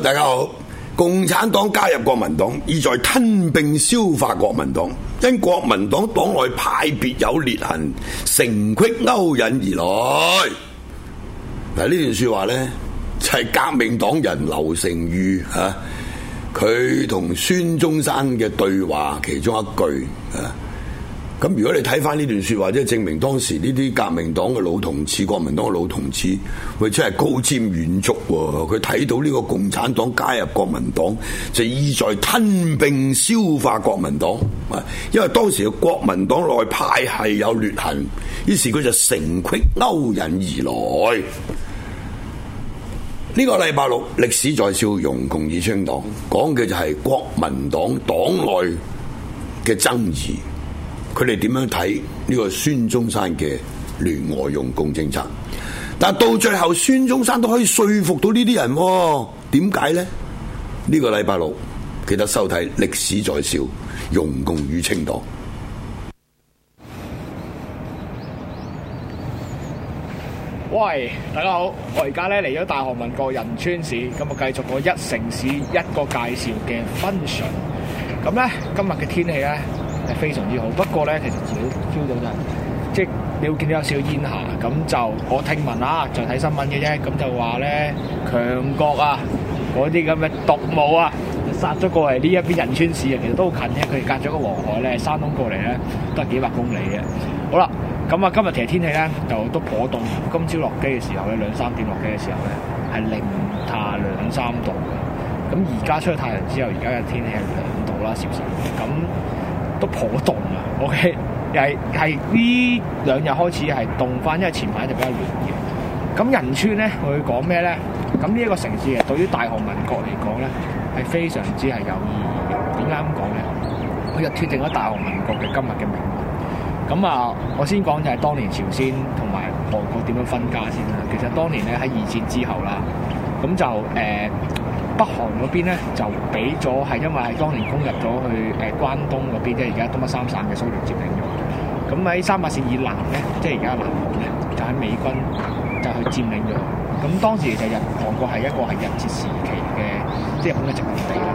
大家好，共產黨加入國民黨，意在吞併消化國民黨，因國民黨黨內派別有裂痕，城隙勾引而來。嗱，呢段說話呢，就係、是、革命黨人劉成宇，吓、啊，佢同孫中山嘅對話其中一句啊。咁如果你睇翻呢段說話，即係證明當時呢啲革命黨嘅老同志、國民黨嘅老同志，佢真係高瞻遠矚喎。佢睇到呢個共產黨加入國民黨，就意在吞併消化國民黨。啊，因為當時嘅國民黨內派系有裂痕，於是佢就乘隙勾引而來。呢、這個禮拜六歷史在笑容，共二青黨講嘅就係國民黨黨內嘅爭議。佢哋點樣睇呢個孫中山嘅聯俄容共政策？但到最後，孫中山都可以說服到呢啲人喎、哦？點解呢？呢、這個禮拜六，記得收睇《歷史在笑：容共與清黨》。喂，大家好，我而家咧嚟咗大韓民國仁川市，咁啊，繼續我一城市一個介紹嘅 function。咁咧，今日嘅天氣咧，係非常之好，不過咧，其實少飄到就係、是，即係你會見到有少少煙霞，咁就我聽聞啊，聞就睇新聞嘅啫，咁就話咧，強國啊，嗰啲咁嘅毒霧啊，殺咗過嚟呢一邊仁川市啊，其實都好近嘅，佢隔咗個黃海咧，山東過嚟咧，都係幾百公里嘅。好啦，咁啊，今日其實天氣咧就都頗凍，今朝落機嘅時候咧，兩三點落機嘅時候咧，係零下兩三度嘅，咁而家出咗太陽之後，而家嘅天氣係兩度啦，少少咁。都頗凍啊，OK，又係係呢兩日開始係凍翻，因為前排就比較暖嘅。咁仁川咧，佢要講咩咧？咁呢一個城市啊，對於大韓民國嚟講咧，係非常之係有意義嘅。點解咁講咧？佢就決定咗大韓民國嘅今日嘅命運。咁啊，我先講就係當年朝鮮同埋韓國點樣分家先啦。其實當年咧喺二戰之後啦，咁就誒。呃北韓嗰邊咧就俾咗，係因為係當年攻入咗去誒關東嗰邊啫，而家東北三省嘅蘇聯佔領咗。咁喺三八線以南咧，即係而家南韓咧，就喺美軍就去佔領咗。咁當時就日韓國係一個係日治時期嘅即係日本嘅殖民地啦。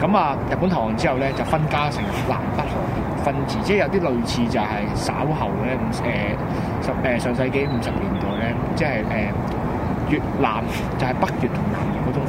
咁啊，日本投降之後咧就分家成南北韓嘅分治，即係有啲類似就係稍後咧，咁誒上上世紀五十年代咧，即係誒、呃、越南就係、是、北越同南。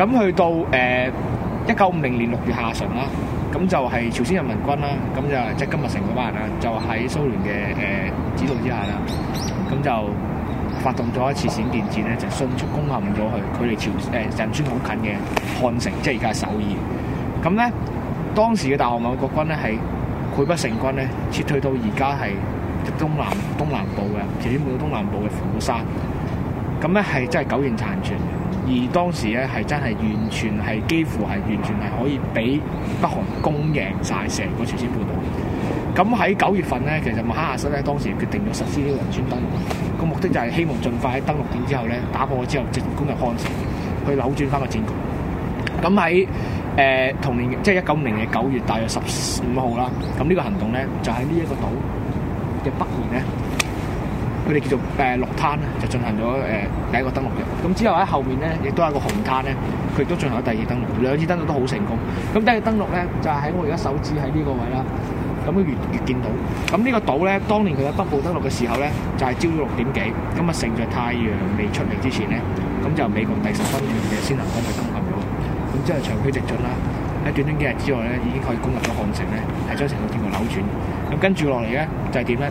咁去到誒一九五零年六月下旬啦，咁就係朝鮮人民軍啦，咁就即係金日成嗰班人啦，就喺蘇聯嘅誒指導之下啦，咁就發動咗一次閃電戰咧，就迅速攻陷咗佢，距離朝誒仁川好近嘅漢城，即係而家首爾。咁咧，當時嘅大韓民國軍咧係潰不成軍咧，撤退到而家係東南東南部嘅朝鮮半島東南部嘅釜山。咁咧係真係苟延殘存。而當時咧係真係完全係幾乎係完全係可以俾北韓攻贏晒成個朝鮮半島。咁喺九月份咧，其實麥克阿瑟咧當時決定咗實施呢個仁川登陸，個目的就係希望盡快喺登陸點之後咧打破咗之後，直攻入漢城去扭轉翻個戰局。咁喺誒同年即係一九年嘅九月，大約十五號啦。咁呢個行動咧就喺呢一個島。佢哋叫做誒綠灘咧，就進行咗誒第一個登陸嘅。咁之後喺後面咧，亦都有一個紅灘咧，佢亦都進行咗第二登陸。兩次登陸都好成功。咁第二登陸咧，就係、是、喺我而家手指喺呢個位啦。咁佢越見到咁呢個島咧，當年佢喺北部登陸嘅時候咧，就係、是、朝早六點幾咁啊，趁在太陽未出嚟之前咧，咁就美國第十分段嘅先頭軍去登陸咗。咁之後長驅直進啦，喺短短幾日之外咧，已經可以攻入咗漢城咧，係將成個戰局扭轉。咁跟住落嚟咧，就係點咧？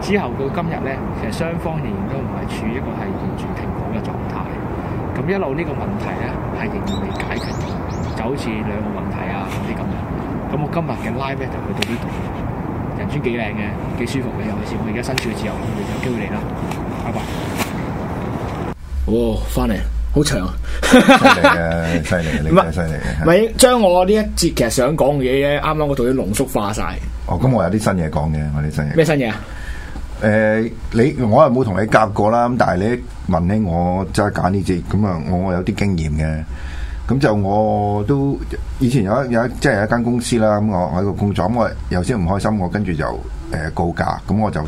之後到今日咧，其實雙方仍然都唔係處於一個係完全停火嘅狀態。咁一路呢個問題咧，係仍然未解決，就好似兩個問題啊啲咁樣。咁我今日嘅 live 咧就去到呢度，人村幾靚嘅，幾舒服嘅。尤其是我而家身處自由空間，叫你啦，拜拜！哦，翻嚟，好長。犀利啊！犀利嘅，你真係犀利。唔係將我呢一節其實想講嘅嘢咧，啱啱度做啲濃縮化晒。哦，咁我有啲新嘢講嘅，有啲新嘢。咩新嘢啊？ 誒、呃，你我又冇同你夾過啦，咁但係你問起我，即係揀呢隻，咁啊，我有啲經驗嘅，咁就我都以前有一有一即係有一間公司啦，咁我喺度工作，我有少唔開心，我跟住就誒、呃、告假，咁我就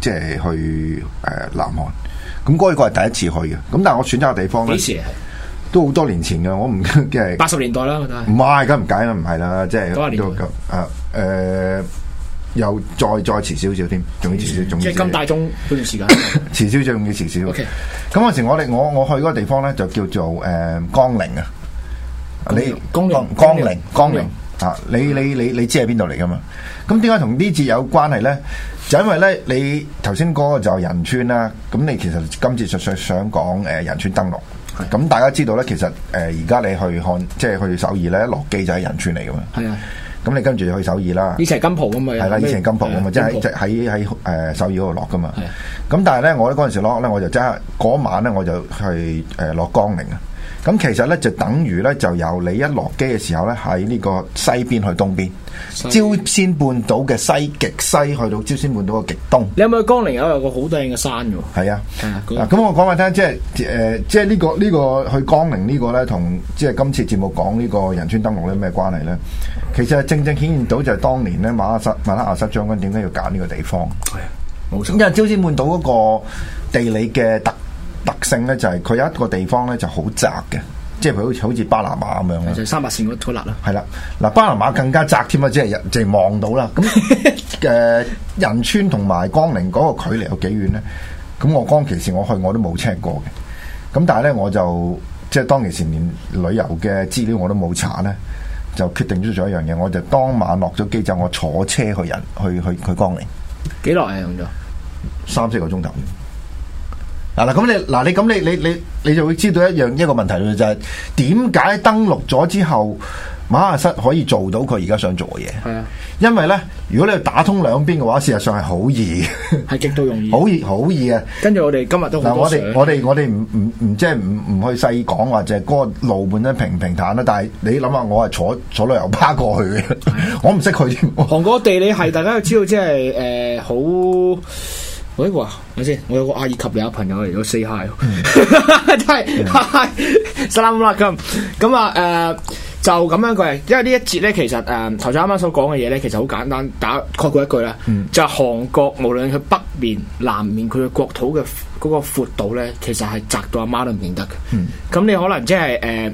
即係去誒、呃、南韓，咁嗰一個係第一次去嘅，咁但係我選擇嘅地方咧，都好多年前嘅，我唔即係八十年代啦，唔係梗唔解啦，唔係啦，即係都係誒。呃呃又再再遲少少添，仲要遲少，仲要，、嗯、要即係咁大鐘嗰段時間，遲少少仲要遲少。咁嗰 Okay.、嗯、時我哋我我去嗰個地方咧，就叫做誒、呃、江陵啊。你江陵江陵江陵啊！你你你你知係邊度嚟噶嘛？咁點解同呢節有關係咧？就因為咧，你頭先嗰個就係仁川啦。咁、啊、你其實今次想想講誒仁川登陸，咁的大家知道咧，其實誒而家你去看，即係去首爾咧，一落機就係仁川嚟噶嘛。係啊的。咁你跟住去首爾啦，以前金浦咁啊，係啦的，以前金浦咁啊，即係喺喺喺喺誒首爾嗰度落噶嘛。咁的但係咧，我咧嗰陣時落咧，我就即係嗰晚咧，我就去誒落江陵啊。咁其實咧就等於咧，就由你一落機嘅時候咧，喺呢個西邊去東邊，邊朝鮮半島嘅西極西去到朝鮮半島嘅極東。你有冇去江陵有個好靚嘅山㗎？係啊，咁我講埋聽，即係誒、呃，即係呢、呢個呢、呢個去江陵呢、呢個咧，同即係今次節目講呢個仁川登陸咧咩關係咧？其實正正顯現到就係當年咧麥阿瑟麥克阿瑟將軍點解要揀呢個地方？係啊，冇、嗯、錯。咁因為朝鮮半島嗰個地理嘅特特性咧就係佢有一個地方咧就窄、就是、好窄嘅，即係佢好似好似巴拿馬咁樣嘅，就三百線嗰嗰粒啦。係啦，嗱巴拿馬更加窄添啊！即係日望到啦，咁嘅仁川同埋江陵嗰個距離有幾遠咧？咁我當其時我去我都冇 check 過嘅，咁但係咧我就即係當其時連旅遊嘅資料我都冇查咧，就決定咗咗一樣嘢，我就當晚落咗機就我坐車去仁去去去，去江陵，幾耐啊用咗了？三四個鐘頭。嗱，咁你嗱，你咁你你你你就會知道一樣一個問題就係點解登陸咗之後麥阿瑟可以做到佢而家想做嘅嘢？係啊，因為咧，如果你要打通兩邊嘅話，事實上係好易，係極度容易，好 易好易啊！跟住我哋今日都嗱，我哋我哋我哋唔唔唔，即係唔唔去細講話，就係、是、嗰個路本身平平坦啦。但係你諗下，我係坐坐旅遊巴過去嘅，啊、 我唔識佢。韓國地理係 大家都知道，即係誒好。呃喂，哇，係咪先？我有個阿爾及利亞朋友嚟咗 say hi，真係，Salaam 啦咁，咁啊誒，就咁樣佢，因為呢一節咧，其實誒，頭先啱啱所講嘅嘢咧，其實好簡單，打概括一句啦，mm. 就係韓國無論佢北面、南面，佢嘅國土嘅嗰個闊度咧，其實係窄到阿媽都唔認得嘅。咁、mm. 你可能即係誒。呃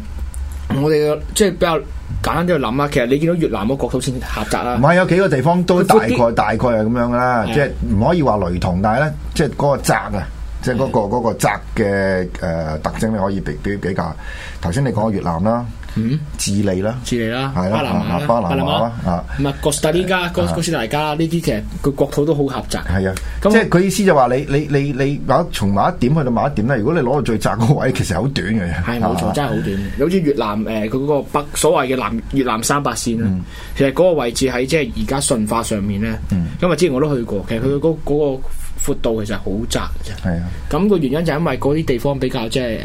我哋嘅即係比較簡單啲去諗啦，其實你見到越南嗰國土先狹窄啦、啊，唔係、嗯、有幾個地方都大概是大概係咁樣啦，即係唔可以話雷同，但係咧即係嗰個窄啊，即係嗰個嗰、嗯、個窄嘅誒、呃、特徵你可以比比比較。頭先你講越南啦。嗯，智利啦，智利啦，係啦，巴拿馬，巴拿馬，啊，唔係哥斯達黎加，哥哥斯達黎加呢啲其實個國土都好狹窄。係啊，即係佢意思就話你你你你，從某一點去到某一點咧，如果你攞到最窄個位，其實好短嘅。係冇錯，真係好短。好似越南誒，佢嗰個北所謂嘅南越南三八線其實嗰個位置喺即係而家順化上面咧。嗯。咁啊，之前我都去過，其實佢嗰嗰個闊度其實好窄嘅。係啊。咁個原因就係因為嗰啲地方比較即係誒。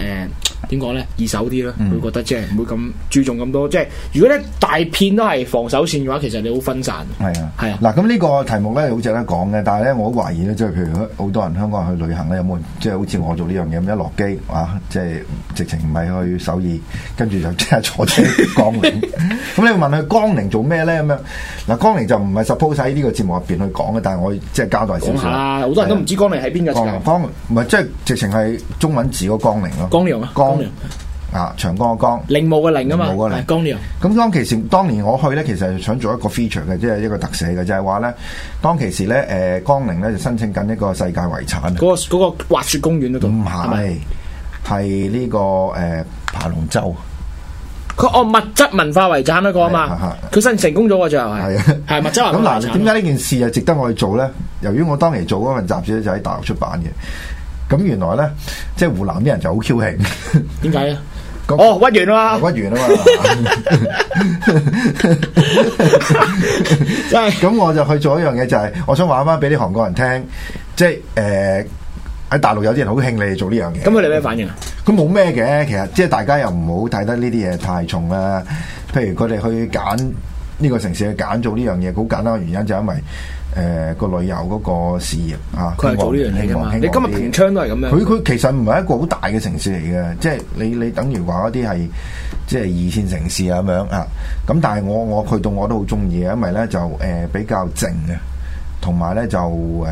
點講咧？二手啲咯，嗯、會覺得即係唔會咁注重咁多。即係如果咧，大片都係防守線嘅話，其實你好分散。係啊，係啊。嗱，咁呢個題目咧，係好值得講嘅。但係咧，我懷疑咧，即係譬如好多人香港人去旅行咧，有冇即係好似我做呢樣嘢咁？一落機啊，即係直情唔係去首爾，跟住就即刻坐車江陵。咁 你會問佢江陵做咩咧？咁樣嗱，江陵就唔係 suppose 喺呢個節目入邊去講嘅，但係我即係交代少少。講下啦，好多人都唔知江陵喺邊個地方。江唔陵係即係直情係中文字嗰個江陵咯。江陵啊，江啊，長江個江，陵墓個陵啊嘛，江陵。咁當其時，當年我去咧，其實係想做一個 feature 嘅，即係一個特寫嘅，就係話咧，當其時咧，誒，江陵咧就申請緊一個世界遺產。嗰個個滑雪公園嗰度唔係，係呢個誒，爬龍舟。佢按物質文化遺產一個啊嘛，佢申成功咗嘅，最後係，係物質遺產。咁嗱，點解呢件事係值得我去做咧？由於我當年做嗰份雜誌就喺大陸出版嘅。咁原來咧，即係湖南啲人就好 Q 興，點解啊？哦、oh，啊，屈完啦，屈完啦嘛！咁 我就去做一樣嘢，就係、是、我想話翻俾啲韓國人聽，即係誒喺大陸有啲人好興，你做呢樣嘢。咁佢哋咩反應啊？咁冇咩嘅，其實即係大家又唔好睇得呢啲嘢太重啦。譬如佢哋去揀呢、這個城市去揀做呢樣嘢，好簡單嘅原因就係因為。誒、呃、個旅遊嗰個事業啊，佢他是 望做呢樣嘢㗎嘛，望你今日平昌都係咁樣。佢佢其實唔係一個好大嘅城市嚟嘅，即係你你等如話一啲係即係二線城市啊咁樣啊。咁但係我我去到我都好中意啊，因為咧就誒、呃、比較靜嘅。同埋咧就誒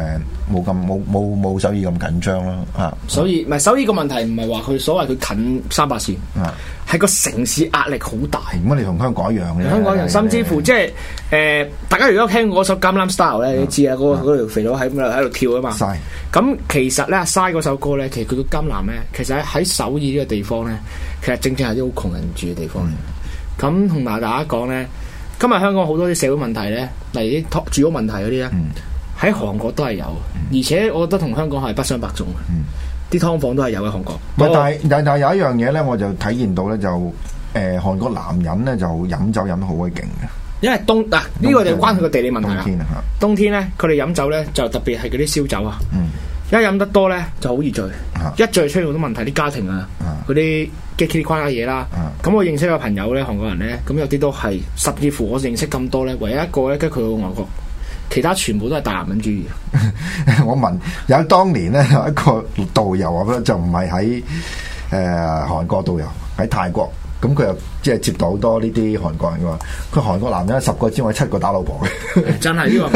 冇咁冇冇冇首爾咁緊張啦嚇，所以唔係首爾個問題，唔係話佢所謂佢近三百線啊，係個是的 城市壓力好大。咁你同香港一樣嘅，香港人的甚至乎即係誒，大家如果聽過首江南 style，《江南 style》咧是的，你知啊，嗰條肥佬喺喺度跳啊嘛。咁曬，其實咧，嘥嗰首歌咧，其實佢個江南咧，其實喺首爾呢個地方咧，其實正正係啲好窮人住嘅地方咁，同埋大家講咧。今日香港好多啲社會問題咧，例如啲住屋問題嗰啲咧，喺、嗯、韓國都係有，嗯、而且我覺得同香港係不相伯仲嘅，啲、嗯、劏房都係有喺韓國。唔係但都，但係但係有一樣嘢咧，我就體驗到咧，就誒、呃、韓國男人咧就飲酒飲得好鬼勁嘅，因為冬嗱呢、啊呢個就關佢個地理問題。冬天咧，佢哋飲酒咧就特別係嗰啲燒酒啊。嗯一飲得多咧，就好易醉。啊、一醉出現好多問題，啲家庭啊，嗰啲奇奇怪怪嘢啦。咁、啊啊、我認識嘅朋友咧，韓國人咧，咁有啲都係甚至乎，我認識咁多咧，唯一一個咧跟佢去到外國，其他全部都係大男人主義。 我問有當年咧有一個導遊啊，咁就唔係喺誒韓國導遊，喺泰國。咁佢又即係接到好多呢啲韓國人噶嘛？佢韓國男人十個之外七個打老婆嘅，真係呢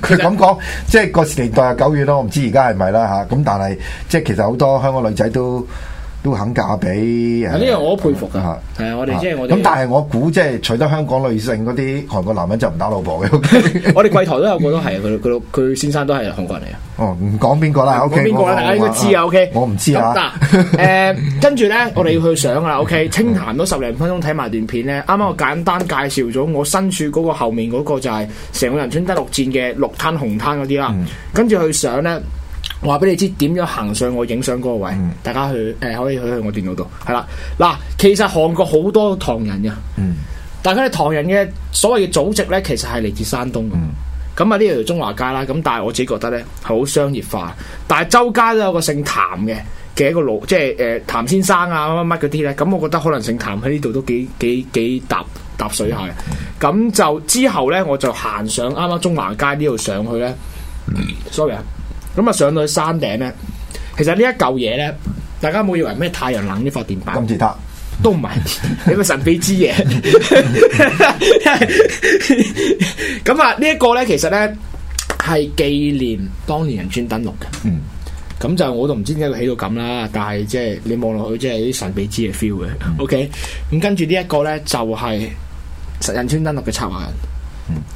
個。佢咁講，即係個年代係久遠咯，我唔知而家係咪啦吓。咁但係即係其實好多香港女仔都，都肯嫁俾，呢個、啊、我都佩服噶。係啊，我哋即係我咁、啊啊，但係我估即係，除咗香港女性嗰啲，韓國男人就唔打老婆嘅。Okay? 我哋櫃台都有個都係，佢佢佢先生都係韓國人嚟、哦、啊。哦 Okay,，唔講邊個啦，O K。講邊個大家應該知啊，O okay K、啊啊呃。我唔知啊。嗱，跟住咧，我哋要去上噶啦，O K。Okay, 清談咗十零分鐘，睇埋段片咧。啱啱我簡單介紹咗我身處嗰個後面嗰個就係成個仁川登陸戰嘅綠灘紅灘嗰啲啦。跟住去上咧。我話俾你知點樣行上我影相嗰個位。嗯、大家去誒、呃、可以去去我電腦度係啦。嗱，其實韓國好多唐人嘅，嗯、但係咧唐人嘅所謂嘅祖籍咧，其實係嚟自山東嘅。咁啊呢條中華街啦，咁但係我自己覺得咧，好商業化。但係周街都有個姓譚嘅嘅一個老，即係誒譚先生啊乜乜乜嗰啲咧。咁我覺得可能姓譚喺呢度都幾幾幾搭搭水下嘅。咁就之後咧，我就行上啱啱中華街呢度上去咧。嗯、sorry 啊。咁啊，上到去山頂咧，其實呢一嚿嘢咧，大家冇以為咩太陽能啲發電板，金字塔都唔係，呢個神秘之嘢。咁啊，呢一個咧，其實咧係紀念當年仁川登陸嘅。嗯，咁就我都唔知點解會起到咁啦，但係即係你望落去，即係啲神秘之嘅 feel 嘅。嗯、OK，咁跟住呢一個咧，就係、是、仁川登陸嘅策劃人。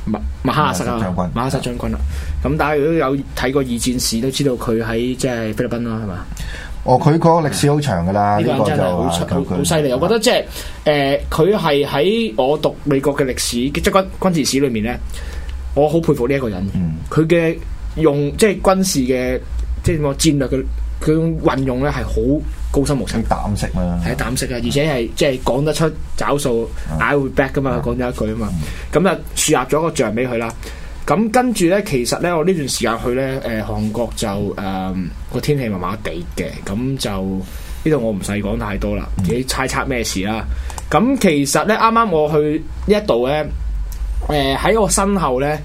馬馬哈薩啊，麥阿瑟將軍啦。咁大家如果有睇過二戰史，都知道佢喺即係菲律賓啦，係嘛？哦，佢嗰個歷史好長噶啦，呢個真係好好犀利。我覺得即係誒，佢係喺我讀美國嘅歷史，即係軍軍事史裏面咧，我好佩服呢一個人。佢嘅用即係軍事嘅，即係點戰略嘅佢運用咧，係好。高深莫測，係膽色嘛？係膽色啊！而且係即係講得出找數、嗯、I 會 back 噶嘛，佢講咗一句啊嘛。咁啊、嗯，樹立咗個像俾佢啦。咁跟住咧，其實咧，我呢段時間去咧，誒、呃、韓國就誒個、呃、天氣麻麻地嘅，咁就呢度我唔使講太多啦。自己猜測咩事啦。咁、嗯、其實咧，啱啱我去呢一度咧，誒、呃、喺我身後咧。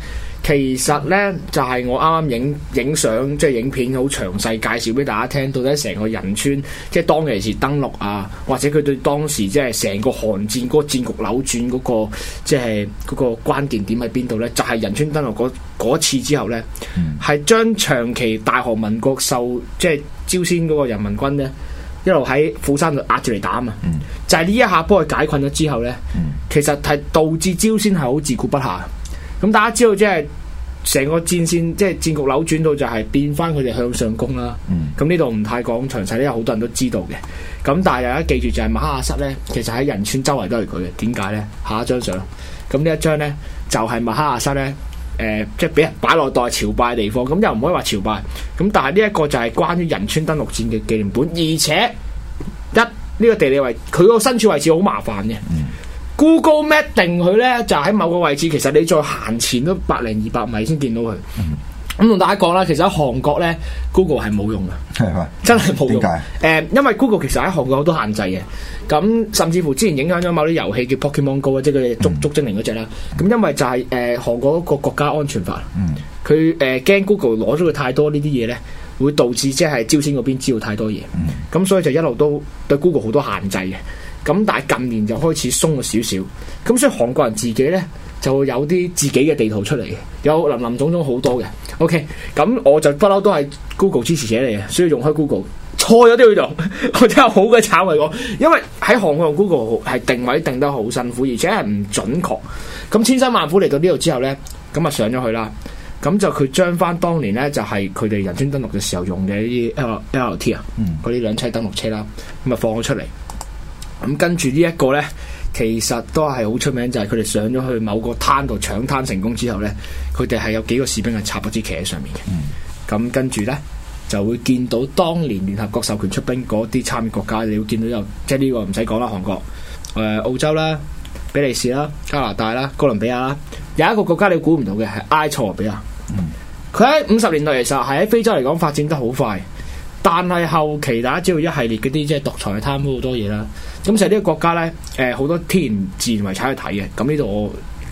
其實呢，就係、是、我啱啱影影相，即係、就是、影片好詳細介紹俾大家聽，到底成個仁川即係當其時登陸啊，或者佢對當時即係成個寒戰韓戰嗰、那個戰局扭轉嗰、那個，即係嗰個關鍵點喺邊度呢？就係仁川登陸嗰嗰次之後呢，係、嗯、將長期大韓民國受即係朝鮮嗰個人民軍呢，一路喺釜山度壓住嚟打啊嘛。嗯、就係呢一下幫佢解困咗之後呢，嗯、其實係導致朝鮮係好自顧不暇。咁大家知道，即係成個戰線，即係戰局扭轉到就係變翻佢哋向上攻啦。咁呢度唔太講詳細，呢好多人都知道嘅。咁但係又一記住，就係麥哈亞塞咧，其實喺仁川周圍都係佢嘅。點解咧？下一張相，咁呢一張咧就係麥哈亞塞咧，誒，即係俾人擺落當朝拜嘅地方。咁又唔可以話朝拜。咁但係呢一個就係關於仁川登陸戰嘅紀念本，而且一呢個地理位置，佢個身處位置好麻煩嘅。嗯 Google m 咩定佢咧？就喺某個位置，其實你再行前都百零二百米先見到佢。咁同、嗯、大家講啦，其實喺韓國咧，Google 係冇用嘅，嗯、真係冇用。誒點解？、呃，因為 Google 其實喺韓國好多限制嘅。咁甚至乎之前影響咗某啲遊戲叫 Pokémon Go 即係佢嘅捉、嗯、捉精靈嗰隻啦。咁因為就係、是、誒，韓、呃、國一個國家安全法，佢誒驚 Google 攞咗佢太多呢啲嘢咧，會導致即係朝鮮嗰邊知道太多嘢。咁所以就一路都對 Google 好多限制嘅。咁但係近年就開始鬆咗少少，咁所以韓國人自己咧就有啲自己嘅地圖出嚟嘅，有林林總總好多嘅。OK，咁我就不嬲都係 Google 支持者嚟嘅，所以用開 Google 錯咗都要用， 我真係好鬼慘為我，因為喺韓國用 Google 係定，定位定得好辛苦，而且係唔準確。咁千辛萬苦嚟到呢度之後咧，咁啊上咗去啦，咁就佢將翻當年咧就係佢哋仁川登陸嘅時候用嘅呢啲啊 L, L, L T 啊、嗯，嗯，嗰啲兩棲登錄車啦，咁啊放咗出嚟。咁跟住呢一個呢，其實都係好出名，就係佢哋上咗去某個灘度搶灘成功之後呢，佢哋係有幾個士兵係插咗支旗喺上面嘅。咁、嗯、跟住呢，就會見到當年聯合國授權出兵嗰啲參與國家，你會見到有即係呢個唔使講啦，韓國、誒、呃、澳洲啦、比利時啦、加拿大啦、哥倫比亞啦，有一個國家你估唔到嘅係埃塞俄比亞。佢喺五十年代其實係喺非洲嚟講發展得好快，但係後期大家知道一系列嗰啲即係獨裁嘅貪污好多嘢啦。咁呢啲國家咧，誒、呃、好多天然自然遺產去睇嘅。咁呢度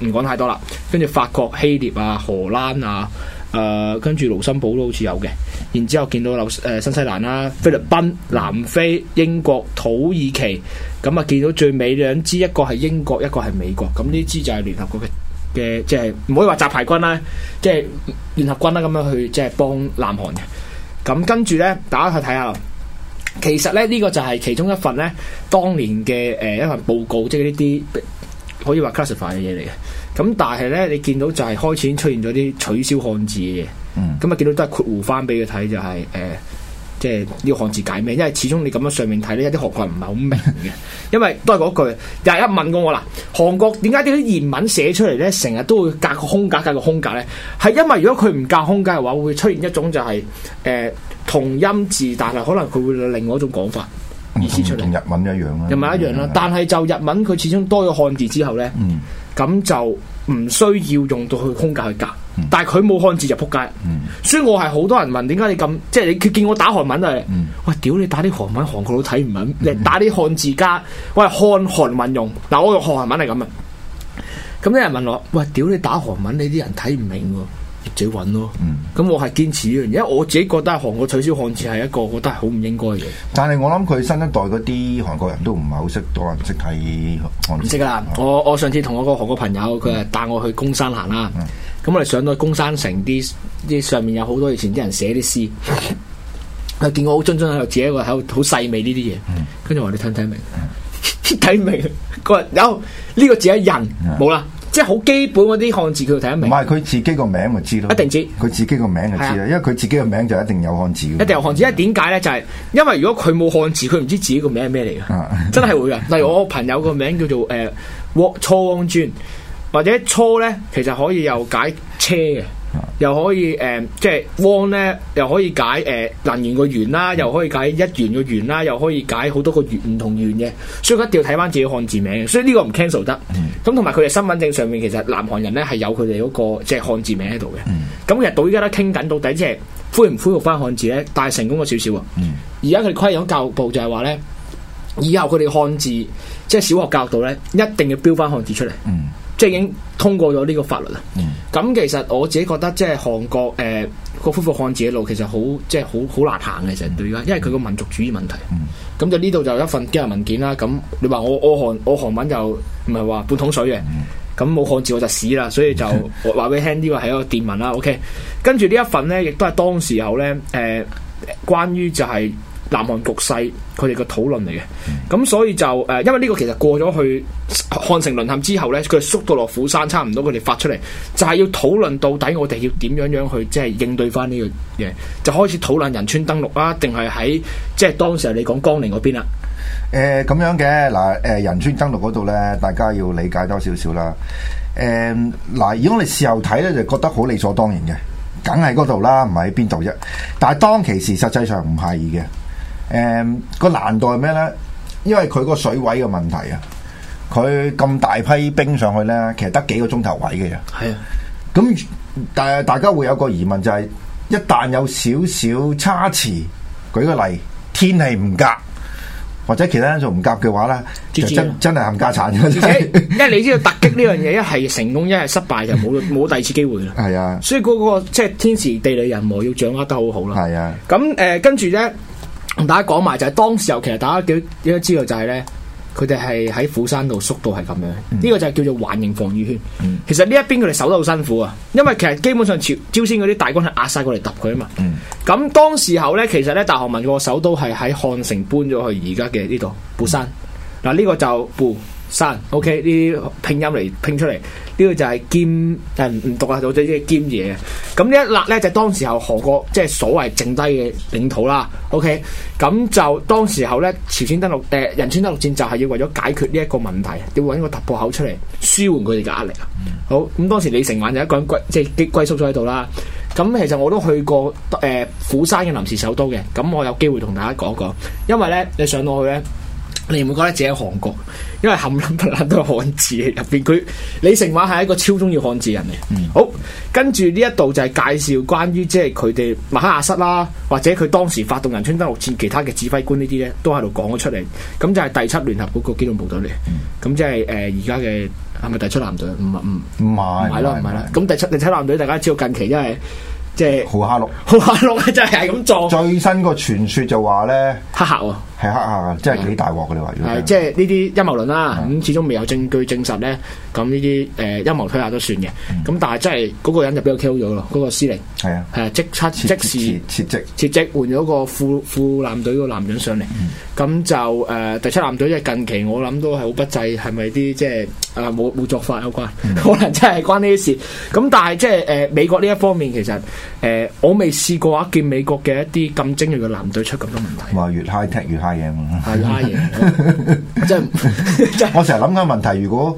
我唔講太多啦。跟住法國、希臘啊、荷蘭啊，誒跟住盧森堡都好似有嘅。然之後見到新西蘭啦、啊、菲律賓、南非、英國、土耳其。咁啊見到最尾兩支，一個係英國，一個係美國。咁呢支就係聯合國嘅嘅，即係唔可以話雜牌軍啦、啊，即係聯合軍啦、啊，咁樣去即係幫南韓嘅。咁跟住咧，大家去睇下。其實咧，呢、這個就係其中一份咧，當年嘅誒、呃、一份報告，即係呢啲可以話 classify 嘅嘢嚟嘅。咁但係咧，你見到就係開始出現咗啲取消漢字嘅嘢。咁啊、嗯，見到都係括弧翻俾佢睇，就係、是、誒。呃即係呢個漢字解咩？因為始終你咁樣上面睇呢一啲學界唔係好明嘅。因為都係嗰句，又一問過我啦。韓國點解啲言文寫出嚟咧，成日都會隔個空格、隔個空格咧？係因為如果佢唔隔空格嘅話，會出現一種就係、是、誒、呃、同音字，但係可能佢會另外一種講法意思出嚟。同、嗯、日文一樣啦、啊。又咪一樣啦？嗯、但係就日文佢始終多咗漢字之後咧，咁、嗯、就唔需要用到佢空格去隔。但係佢冇漢字就撲街，所以、嗯、我係好多人問點解你咁，即係你佢見我打韓文啊？嗯、喂，屌你打啲韓文韓國佬睇唔明，你打啲漢、嗯、字加，喂，係漢韓文用。嗱，我用韓文係咁啊。咁、嗯、啲人問我，喂，屌你打韓文，你啲人睇唔明喎。自己揾咯。咁、嗯嗯、我係堅持嘅，因為我自己覺得韓國取消漢字係一個我覺得好唔應該嘅。但係我諗佢新一代嗰啲韓國人都唔係好識，多人唔識睇漢。唔識啦！啊、我我上次同我個韓國朋友，佢係帶我去公山行啦。嗯嗯嗯咁我哋上到公山城啲，啲上面有好多以前啲人寫啲詩，又見過好津津喺度寫個喺度，好細微呢啲嘢。跟住我話你睇唔睇得明？睇唔明。佢話有呢、這個字係人，冇啦、嗯，即係好基本嗰啲漢字，佢睇得明。唔係佢自己個名咪知咯，一定知佢自己個名就知啦，啊、因為佢自己個名就一定有漢字，一定有漢字。因為點解咧？就係、是、因為如果佢冇漢字，佢唔知自己個名係咩嚟嘅？嗯、 真係會嘅。例如我個朋友個名叫做誒沃倉尊。或者初咧，其實可以又解車嘅，又可以誒、呃，即係彎咧，又可以解誒、呃、能源個源啦，又可以解一元個元啦，又可以解好多個圓唔同圓嘅，所以一定要睇翻自己漢字名。所以呢個唔 cancel 得、嗯。咁同埋佢哋身份證上面其實南韓人咧係有佢哋嗰個即係、就是、漢字名喺度嘅。咁日、嗯、到依家都傾緊到底即係恢唔恢復翻漢字咧？但係成功咗少少啊！而家佢規管教育部就係話咧，以後佢哋漢字即係小學教育度咧，一定要標翻漢字出嚟。嗯。即係已經通過咗呢個法律啦。咁、嗯、其實我自己覺得韓、呃己，即係韓國誒個恢復漢字嘅路，其實好即係好好難行嘅。成對而家，因為佢個民族主義問題。咁、嗯、就呢度就有一份驚人文件啦。咁你話我我韓我韓文就唔係話半桶水嘅，咁冇漢字我就屎啦。所以就話俾你聽啲話係一個電文啦。OK，跟住呢一份咧，亦都係當時候咧誒，關於就係、是。南韓局勢，佢哋個討論嚟嘅，咁、嗯、所以就誒、呃，因為呢個其實過咗去漢城淪陷之後呢，佢縮到落釜山，差唔多佢哋發出嚟就係、是、要討論到底我哋要點樣樣去，即、就、係、是、應對翻呢個嘢，就開始討論仁川登陸啦、啊，定係喺即係當時你講江寧嗰邊啊？誒、呃，咁樣嘅，嗱，誒，仁、呃、川登陸嗰度呢，大家要理解多少少啦。誒，嗱，如果我哋事後睇呢，就覺得好理所當然嘅，梗係嗰度啦，唔係喺邊度啫。但係當其時實際上唔係嘅。誒，個難度係咩咧？因為佢個水位嘅問題啊，佢咁大批兵上去咧，其實得幾個鐘頭位嘅啫。係啊，咁但係大家會有個疑問就係，一旦有少少差池，舉個例，天氣唔夾，或者其他因素唔夾嘅話咧，真真係冚家鏟。因為你知道突擊呢樣嘢，一係成功，一係失敗就冇冇第二次機會啦。係啊，所以嗰個即係天時地利人和要掌握得好好啦。係啊，咁誒，跟住咧。同大家講埋就係、是、當時候，其實大家幾應該知道就係、是、咧，佢哋係喺釜山度縮到係咁樣，呢、這個就叫做環形防禦圈。其實呢一邊佢哋守得好辛苦啊，因為其實基本上朝朝鮮嗰啲大軍係壓晒過嚟揼佢啊嘛。咁、嗯、當時候咧，其實咧大韓民國首都係喺漢城搬咗去而家嘅呢度釜山。嗱、嗯，呢個就。山，OK，呢啲拼音嚟拼出嚟，呢個就係兼，但唔唔讀啊，讀咗啲兼嘢咁呢一勒咧、就是就是 okay? 就當時候韓國即係所謂剩低嘅領土啦，OK，咁就當時候咧朝鮮登陸誒，仁、呃、川登陸戰就係要為咗解決呢一個問題，要揾個突破口出嚟，舒緩佢哋嘅壓力啊。嗯、好，咁當時李承晚就一個人歸即係龜龜縮咗喺度啦。咁、就是、其實我都去過誒釜、呃、山嘅臨時首都嘅，咁我有機會同大家講一講，因為咧你上到去咧。你唔會覺得自己喺韓國，因為冚唪唥都係漢字入邊。佢李承晚係一個超中意漢字人嚟。嗯、好，跟住呢一度就係介紹關於即係佢哋麥克阿瑟啦，或者佢當時發動仁川登陸戰其他嘅指揮官呢啲咧，都喺度講咗出嚟。咁就係第七聯合嗰個機動部隊嚟。咁即係誒而家嘅係咪第七艦隊？唔係唔唔係，唔係啦唔係啦。咁、嗯、第七第七艦隊，大家知道近期因為即係豪哈六，豪哈六真係係咁做。最新個傳說就話咧黑客啊！係黑下真係幾大鑊嘅你話。誒、啊，即係呢啲陰謀論啦、啊，咁、啊、始終未有證據證實咧，咁呢啲誒陰謀推下都算嘅。咁、嗯、但係真係嗰個人就俾我 k 咗咯，嗰、那個司令。係、嗯、啊，係即刻即時撤職撤職，換咗個副副艦隊個男人上嚟。咁、嗯嗯、就誒、呃、第七艦隊，因為近期我諗都係好不濟，係咪啲即係啊冇冇作法有關？嗯、可能真係關呢啲事。咁但係即係誒、呃、美國呢一方面其實誒、呃、我未試過話見美國嘅一啲咁精銳嘅艦隊出咁多問題。話、嗯、越 high。係嘢，即係 我成日諗緊問題。如果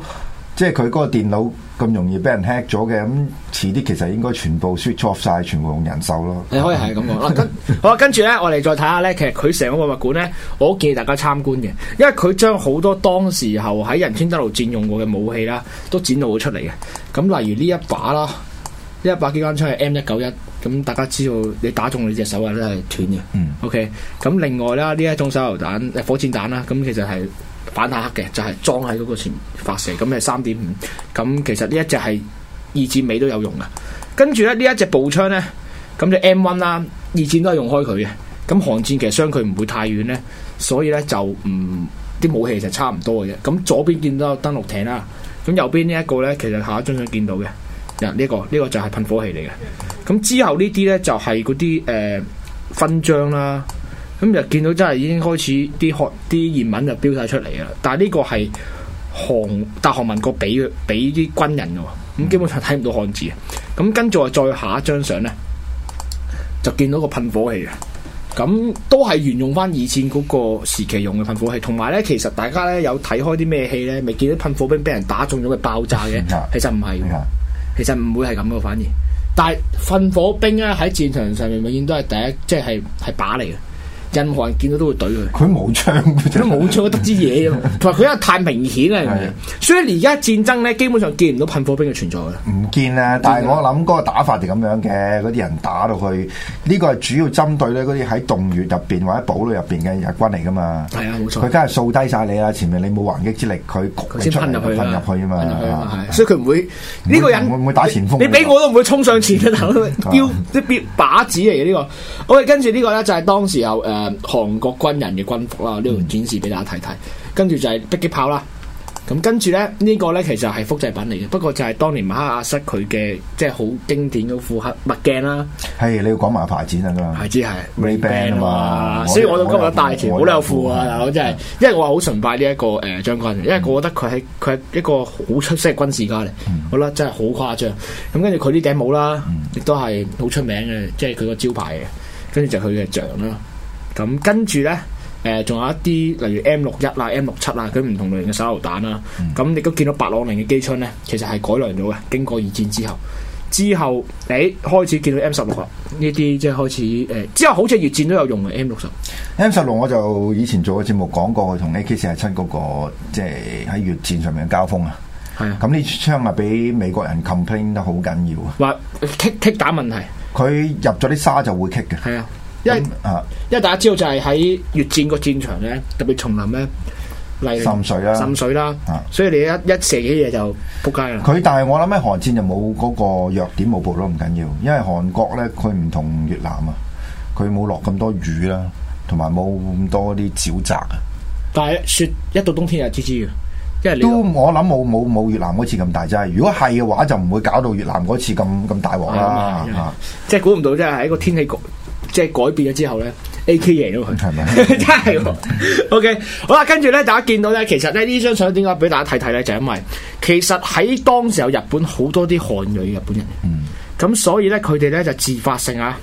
即係佢嗰個電腦咁容易俾人 hack 咗嘅，咁遲啲其實應該全部 switch off 晒，全部用人手咯。你 可以係咁講啦。好啦，跟住咧，我哋再睇下咧。其實佢成個博物館咧，我都建議大家參觀嘅，因為佢將好多當時候喺仁川登陸戰用過嘅武器啦，都展露咗出嚟嘅。咁例如呢一把啦，呢一把機關槍係 M 一九一。咁大家知道，你打中你隻手啊，都係斷嘅。嗯、OK，咁另外啦，呢一種手榴彈、火箭彈啦，咁其實係反坦克嘅，就係、是、裝喺嗰個前發射，咁係三點五。咁其實呢一隻係二戰尾都有用噶。跟住咧，呢一隻步槍咧，咁就 M1 啦、啊，二戰都係用開佢嘅。咁韓戰其實相距唔會太遠咧，所以咧就唔啲武器就差唔多嘅啫。咁左邊見到有登陸艇啦、啊，咁右邊呢一個咧，其實下一張相見到嘅，入呢、呢個呢、呢個就係噴火器嚟嘅。咁之後呢啲呢，就係嗰啲誒勳章啦，咁、嗯、就見到真係已經開始啲漢啲言文就標曬出嚟啊！但係呢個係韓大韓民國俾俾啲軍人嘅喎，咁、嗯嗯、基本上睇唔到漢字啊！咁跟住啊，嗯、再下一張相呢，就見到個噴火器嘅。咁都係沿用翻以前嗰個時期用嘅噴火器，同埋呢，其實大家呢，有睇開啲咩戲呢？未見到噴火兵俾人打中咗嘅爆炸嘅？其實唔係，嗯嗯、其實唔會係咁嘅，反而。但係，噴火兵咧喺戰場上面永遠都係第一，即係係靶嚟嘅。任何人見到都會懟佢，佢冇槍，佢都冇槍，得支嘢，同埋佢因為太明顯啦，所以而家戰爭咧，基本上見唔到噴火兵嘅存在，唔見啊！但係我諗嗰個打法就咁樣嘅，嗰啲人打到去，呢個係主要針對咧啲喺洞穴入邊或者堡壘入邊嘅日軍嚟㗎嘛。係啊，冇錯。佢梗係掃低晒你啦，前面你冇還擊之力，佢先噴入去啦，噴入去啊嘛。所以佢唔會呢個人唔會打前鋒，你俾我都唔會衝上前嘅，啲靶子嚟嘅呢個。我哋跟住呢個咧就係當時候誒。韓國軍人嘅軍服啦，呢度展示俾大家睇睇。跟住就係迫擊炮啦。咁跟住咧，呢個咧其實係複製品嚟嘅，不過就係當年馬克阿瑟佢嘅即係好經典嘅副黑墨鏡啦。係，你要講埋牌子啊嘛，牌子係 Ray Ban 啊嘛。所以我都今日戴住好有副啊！大佬。真係，因為我好崇拜呢一個誒將軍，因為我覺得佢喺佢係一個好出色嘅軍事家嚟。好啦，真係好誇張。咁跟住佢呢頂帽啦，亦都係好出名嘅，即係佢個招牌嘅。跟住就佢嘅像啦。咁跟住咧，誒、呃、仲有一啲例如 M 六一啦、M 六七啦，佢唔同類型嘅手榴彈啦、啊。咁、嗯、你都見到白朗寧嘅機槍咧，其實係改良咗嘅。經過二戰之後，之後你、欸、開始見到 M 十六啊，呢啲即係開始誒、欸。之後好似越戰都有用嘅 M 六十。M 十六我就以前做嘅節目講過，佢同 AK 四十七嗰個即係喺越戰上面嘅交鋒啊。係啊，咁呢槍啊俾美國人 complain 得好緊要啊。話棘棘打問題，佢入咗啲沙就會棘嘅。係啊。因為因為大家知道就係喺越戰個戰場咧，特別叢林咧，嚟滲水啦、啊，滲水啦，所以你一一射啲嘢就仆街啊！佢但係我諗咧，韓戰就冇嗰個弱點冇暴露都唔緊要。因為韓國咧，佢唔同越南啊，佢冇落咁多雨啦，同埋冇咁多啲沼澤啊。但係雪一到冬天就黐黐嘅，因為、這個、都我諗冇冇冇越南嗰次咁大劑。如果係嘅話，就唔會搞到越南嗰次咁咁大鑊啦。即係估唔到真，真係喺個天氣局。即係改變咗之後咧，A K 贏咗佢，真係喎。 o、okay. K，好啦，跟住咧，大家見到咧，其實咧呢張相點解俾大家睇睇咧？就係、因為其實喺當時候日本好多啲韓裔日本人，咁、嗯、所以咧佢哋咧就自發性啊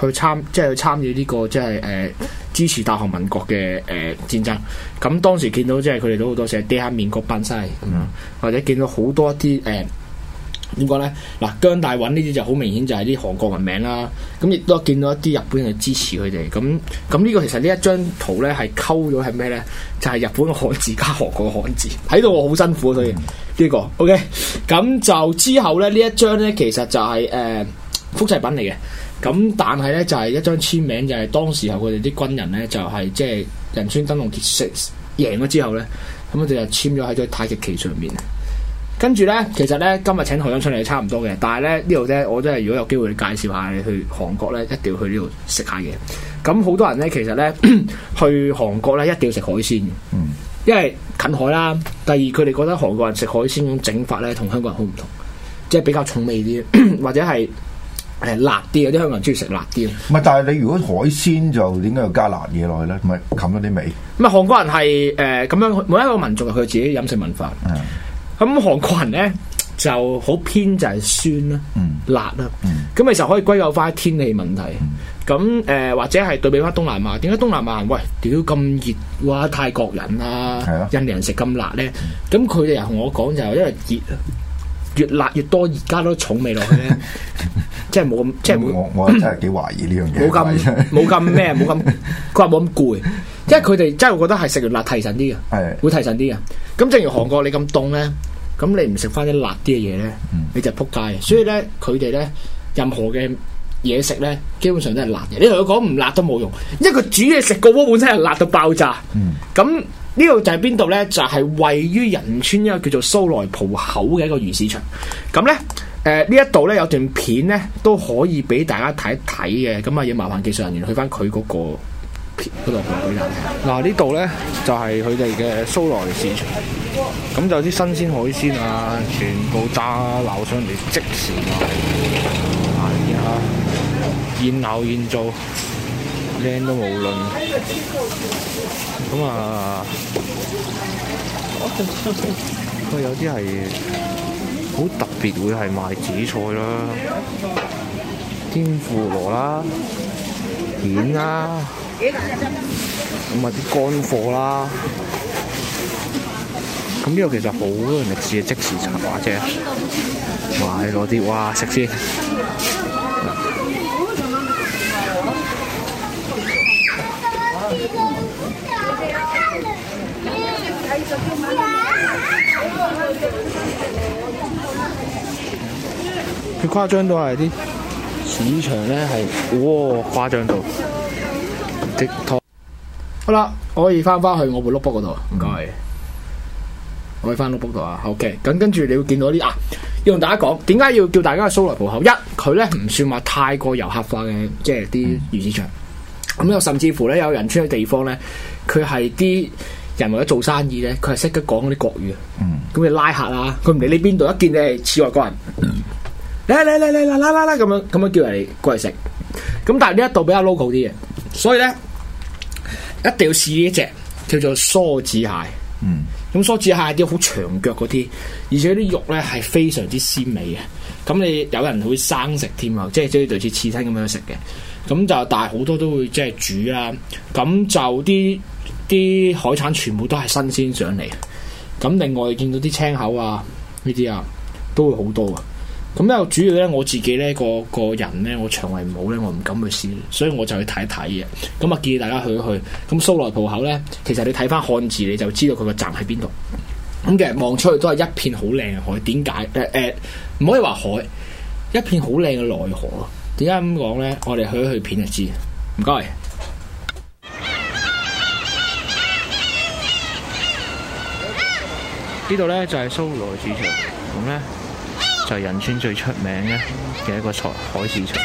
去參，即係去參與呢、呢個即係誒、呃、支持大韓民國嘅誒、呃、戰爭。咁當時見到即係佢哋都好多時係底下面國班西，嗯、或者見到好多啲誒。呃點講咧？嗱，姜大穩呢啲就好明顯就係啲韓國人名啦。咁亦都見到一啲日本人支持佢哋。咁咁呢個其實一張呢一張圖咧係溝咗係咩咧？就係、是、日本漢字加韓國漢字，睇到我好辛苦，啊、所以呢、這個 OK。咁就之後咧呢一張咧其實就係誒複製品嚟嘅。咁但係咧就係、是、一張簽名，就係、是、當時候佢哋啲軍人咧就係即係仁川登陸結束贏咗之後咧，咁我哋就簽咗喺張太極旗上面。跟住咧，其實咧，今日請台生出嚟差唔多嘅，但係咧呢度咧，我真係如果有機會介紹下你去韓國咧，一定要去呢度食下嘢。咁好多人咧，其實咧，去韓國咧，一定要食海鮮、嗯、因為近海啦。第二，佢哋覺得韓國人食海鮮咁整法咧，同香港人好唔同，即係比較重味啲，或者係誒辣啲。有啲香港人中意食辣啲。唔係，但係你如果海鮮就點解要加辣嘢落去咧？咪冚咗啲味。咁係韓國人係誒咁樣，每一個民族佢自己飲食文化。嗯咁韓國人咧就好偏就係酸啦、辣啦，咁咪就可以歸咎翻天氣問題。咁誒或者係對比翻東南亞，點解東南亞喂屌咁熱？哇，泰國人啊、印尼人食咁辣咧，咁佢哋又同我講就係因為熱，越辣越多，而家都重味落去咧，即係冇即係我我真係幾懷疑呢樣嘢，冇咁冇咁咩，冇咁佢話冇咁攰，因為佢哋真係覺得係食完辣提神啲嘅，係會提神啲嘅。咁正如韓國你咁凍咧。咁你唔食翻啲辣啲嘅嘢呢，嗯、你就扑街。所以呢，佢哋呢，任何嘅嘢食呢，基本上都係辣嘅。你同佢講唔辣都冇用，因為佢煮嘢食個鑊本身係辣到爆炸。咁呢度就係邊度呢？就係、是、位於仁川，一個叫做蘇萊浦口嘅一個魚市場。咁呢，誒呢一度呢，有段片呢，都可以俾大家睇一睇嘅。咁啊，要麻煩技術人員去翻佢嗰個。度嗱，呢度咧就係佢哋嘅蘇萊市場，咁就有啲新鮮海鮮啊，全部炸撈上嚟即時賣，啊啲蝦現撈現做，靚都冇論。咁啊，佢有啲係好特別，會係賣紫菜啦、天婦羅啦、蜆啦、啊。咁啊啲乾貨啦，咁呢個其實好多人嘅市嘅即時炒嘅啫，哇！買攞啲哇食先，佢誇張到係啲市場咧係，哇誇張到！托 好啦，我可以翻翻去我部 notebook 嗰度，唔該、嗯，我可以翻 notebook 度啊。OK，咁跟住你會見到啲啊，要同大家講，點解要叫大家去蘇萊浦口？一，佢咧唔算話太過遊客化嘅，即係啲魚市場。咁又甚至乎咧，有人村嘅地方咧，佢係啲人為咗做生意咧，佢係識得講嗰啲國語啊。咁、嗯、你拉客啊，佢唔理你邊度，一見你係似外國人，嚟嚟嚟嚟嚟嚟嚟咁樣咁樣叫人過嚟食。咁但係呢一度比較 local 啲嘅，所以咧。一定要試呢隻叫做梭子蟹，嗯、咁梭子蟹啲好長腳嗰啲，而且啲肉咧係非常之鮮美嘅。咁你有人會生食添啊，即係即係類似刺身咁樣食嘅。咁就但係好多都會即係煮啦、啊。咁就啲啲海產全部都係新鮮上嚟。咁另外見到啲青口啊呢啲啊都會好多啊。咁又主要咧，我自己咧個個人咧，我腸胃唔好咧，我唔敢去試，所以我就去睇一睇嘅。咁啊，建議大家去一去。咁蘇萊浦口咧，其實你睇翻漢字，你就知道佢個站喺邊度。咁其實望出去都係一片好靚嘅海。點解？誒、呃、誒，唔可以話海，一片好靚嘅內河。點解咁講咧？我哋去一去片就知。唔該。呢度咧就係蘇萊市場，咁咧。就係仁川最出名嘅嘅一個採海市場，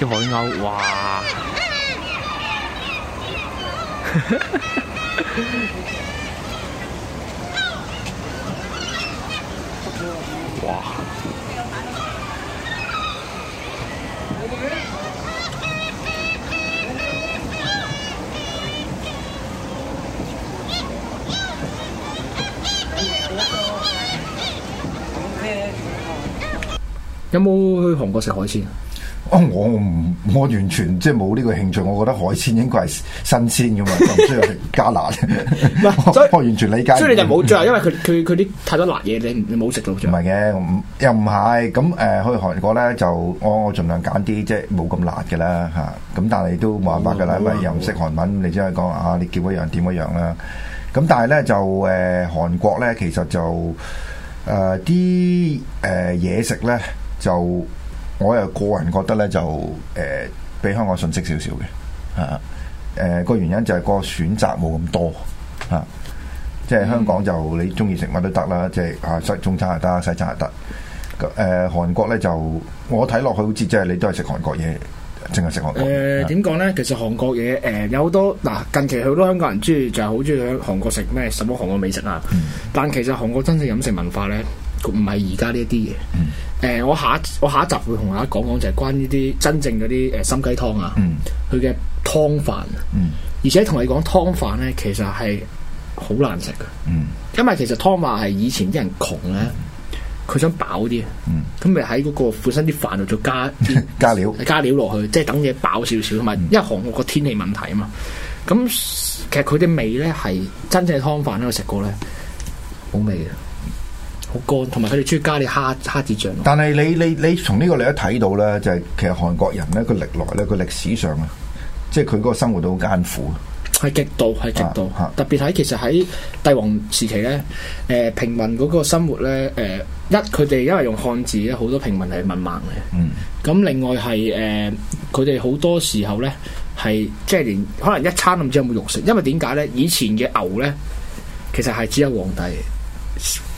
啲海鷗，哇！ 哇！有冇去韓國食海鮮啊？我唔，我完全即係冇呢個興趣。我覺得海鮮應該係新鮮噶嘛，唔需要食加辣。所以，我完全理解。所以你就冇，就係因為佢佢佢啲太多辣嘢，你唔，你冇食到。唔係嘅，又唔係咁誒。去韓國咧，就我我儘量揀啲即係冇咁辣噶啦嚇。咁但係都冇辦法噶啦，因為又唔識韓文，你只係講啊，你叫一樣點一樣啦。咁但係咧就誒韓國咧，其實就誒啲誒嘢食咧。就我又個人覺得咧，就誒、呃、比香港遜色少少嘅嚇。誒、啊、個、呃、原因就係個選擇冇咁多嚇、啊，即係香港就你中意食乜都得啦，即係啊，食中餐又得，西餐又得。誒、呃、韓國咧就我睇落去好似即係你都係食韓國嘢，淨係食韓國。誒點講咧？呢其實韓國嘢誒、呃、有好多嗱，近期好多香港人中意就係好中意去韓國食咩什,什麼韓國美食啊。嗯、但其實韓國真正飲食文化咧，唔係而家呢一啲嘢。嗯誒、呃，我下一我下一集會同大家講講，就係關於啲真正嗰啲誒蔘雞湯啊，佢嘅、嗯、湯飯，而且同你講湯飯呢其實係好難食嘅。嗯、因為其實湯飯係以前啲人窮呢，佢、嗯、想飽啲，咁咪喺嗰個本身啲飯度再加加料，加料落去，即係等嘢飽少少同埋，嗯、因為韓國個天氣問題啊嘛。咁其實佢啲味呢係真正湯飯咧，我食過呢，好味嘅。好乾，同埋佢哋中意加啲蝦蝦子醬。但係你你你從呢個你一睇到咧，就係、是、其實韓國人咧個歷來咧個歷史上啊，即係佢個生活都好艱苦。係極度，係極度。啊、特別喺其實喺帝王時期咧，誒、呃、平民嗰個生活咧，誒、呃、一佢哋因為用漢字咧，好多平民係文盲嘅。嗯。咁另外係誒，佢哋好多時候咧係即係連可能一餐都唔知有冇肉食，因為點解咧？以前嘅牛咧，其實係只有皇帝。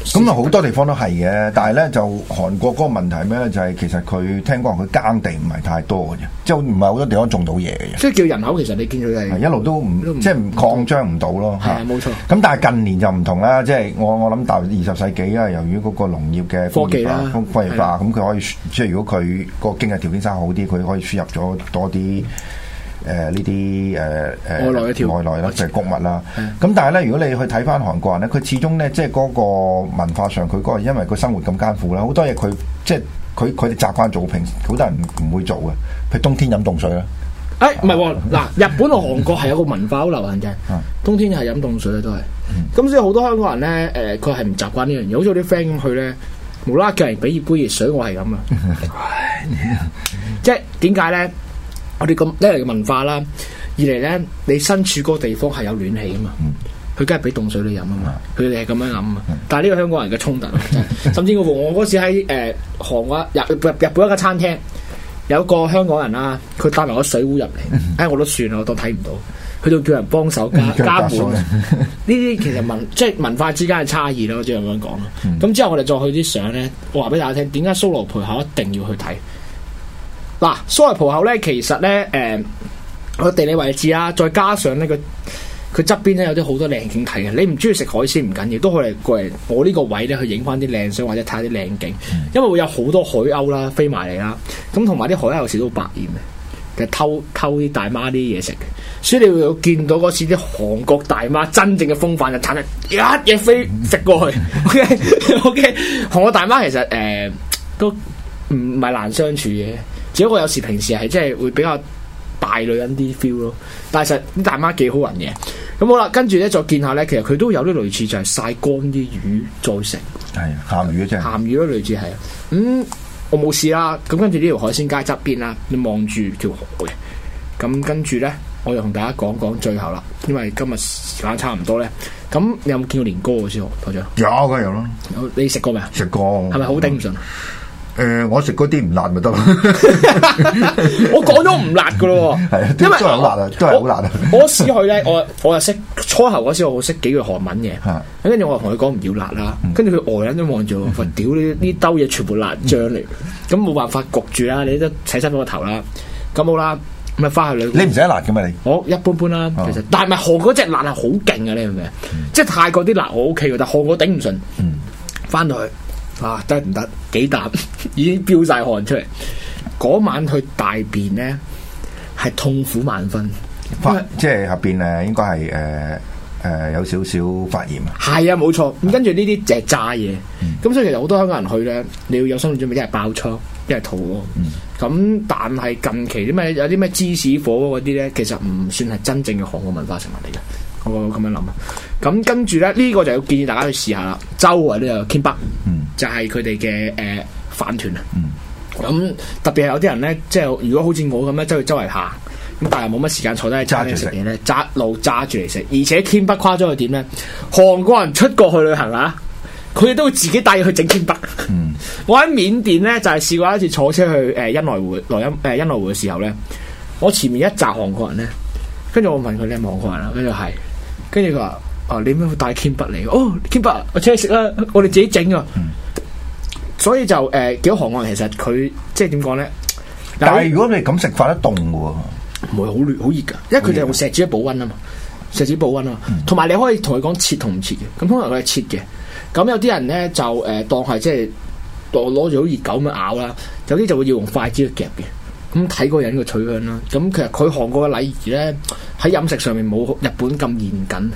咁啊，好多地方都係嘅，但係咧，就韓國嗰個問題咩咧，就係、是、其實佢聽講佢耕地唔係太多嘅啫，即係唔係好多地方種到嘢嘅，即係叫人口其實你見到係一路都唔不即係擴張唔到咯，係冇錯。咁但係近年就唔同啦，即係我我諗大約二十世紀啊，由於嗰個農業嘅科技啦，科技化咁佢可以、啊、即係如果佢個經濟條件生好啲，佢可以輸入咗多啲。嗯誒呢啲誒誒外來一條，外來啦，就係谷物啦。咁但係咧，如果你去睇翻韓國人咧，佢始終咧，即係嗰個文化上，佢嗰個因為佢生活咁艱苦啦，好多嘢佢即係佢佢哋習慣做嘅平時，好多人唔唔會做嘅。佢冬天飲凍水啦。誒唔係喎，嗱，日本同韓國係一個文化好流行嘅，冬天係飲凍水咧都係。咁所以好多香港人咧，誒佢係唔習慣呢樣嘢。好似我啲 friend 咁去咧，無啦啦叫人俾熱杯熱水，我係咁啊。即係點解咧？我哋咁一嚟嘅文化啦，二嚟咧，你身處嗰個地方係有暖氣啊嘛，佢梗係俾凍水你飲啊嘛，佢哋係咁樣諗啊。但係呢個、， 呃、個香港人嘅衝突，甚至我我嗰時喺誒韓國日日本一間餐廳，有個香港人啦，佢帶埋個水壺入嚟，嗯、哎，我都算啦，我都睇唔到，佢就叫人幫手加、嗯、加呢啲其實文即係、就是、文化之間嘅差異咯，我只能咁講咯。咁、嗯、 之後我哋再去啲相咧，我話俾大家聽，點解蘇萊浦口一定要去睇？嗱，蘇萊浦口咧，其實咧，誒、呃，個地理位置啊，再加上咧，佢佢側邊咧有啲好多靚景睇嘅。你唔中意食海鮮唔緊要，都可以過嚟我呢個位咧去影翻啲靚相，或者睇下啲靚景。因為會有好多海鷗啦，飛埋嚟啦，咁同埋啲海鷗有時都百厭嘅，偷偷啲大媽啲嘢食嘅。所以你會見到嗰次啲韓國大媽真正嘅風範就趁一嘢飛食過去。O K O K，韓國大媽其實誒、呃、都唔係難相處嘅。只不過我有時平時係即係會比較大女人啲 feel 咯，但係實啲大媽幾好人嘅。咁好啦，跟住咧再見下咧，其實佢都有啲類似就係曬乾啲魚再食。係鹹魚嘅啫。鹹魚嘅類似係，咁、嗯、我冇事啦。咁跟住呢條海鮮街側邊啦，你望住條河嘅。咁跟住咧，我就同大家講講最後啦，因為今日時間差唔多咧。咁你有冇見過年糕嘅先，台長？有噶有啦。你食過未啊？食過。係咪好頂唔順？嗯誒，我食嗰啲唔辣咪得咯，我講咗唔辣噶咯，係啊，都係好辣啊，都係好辣啊！我試去咧，我我又識初頭嗰時，我識幾句韓文嘅，跟住我同佢講唔要辣啦，跟住佢呆忍都望住我，話屌呢兜嘢全部辣醬嚟，咁冇辦法焗住啦，你都洗濕咗個頭啦，咁好啦，咁啊翻去你唔使辣嘅咩？你我一般般啦，其實但係咪韓國隻辣係好勁嘅咧？係咪？即係泰國啲辣我 O K 嘅，但係韓國我頂唔順，翻到去。啊，真係唔得，幾啖 已經飆晒汗出嚟。嗰晚去大便咧，係痛苦萬分。因為即係入邊誒，應該係誒誒有少少發炎。係啊，冇錯。咁、啊、跟住呢啲就係炸嘢。咁、嗯、所以其實好多香港人去咧，你要有心理準備，一係爆瘡，一係肚屙。咁、嗯、但係近期啲咩有啲咩芝士火鍋嗰啲咧，其實唔算係真正嘅韓國文化食物嚟嘅。我咁樣諗，咁跟住咧呢、這個就要建議大家去試下啦。周圍呢個 kimbap，m 就係佢哋嘅誒飯團啊。咁特別係有啲人咧，即係如果好似我咁樣圍走去周圍行，咁但係冇乜時間坐低揸住食嘢咧，扎路揸住嚟食。而且 kimbap 誇張係點咧？韓國人出國去旅行啊，佢哋都會自己帶嘢去整 kimbap。嗯、我喺緬甸咧就係、是、試過一次坐車去誒茵萊湖來因誒茵萊湖嘅時候咧，我前面一扎韓國人咧，跟住我問佢咧，問韓國人啦，跟住係。跟住佢話，哦，你點解會帶鉛筆嚟？哦，鉛筆，我請你食啦，我哋自己整啊。嗯、所以就誒、呃、幾多行外，其實佢即係點講咧？但係如果你咁食，發得凍嘅喎，唔係好好熱㗎。熱熱熱，因為佢就用錫紙去保溫啊嘛，錫紙保溫啊。同埋、嗯、你可以同佢講切同唔切嘅，咁通常佢係切嘅。咁有啲人咧就誒、呃、當係即係攞攞住好似熱狗咁咬啦，有啲就會要用筷子去夾嘅。咁睇個人嘅取向啦。咁其實佢韓國嘅禮儀咧，喺飲食上面冇日本咁嚴謹，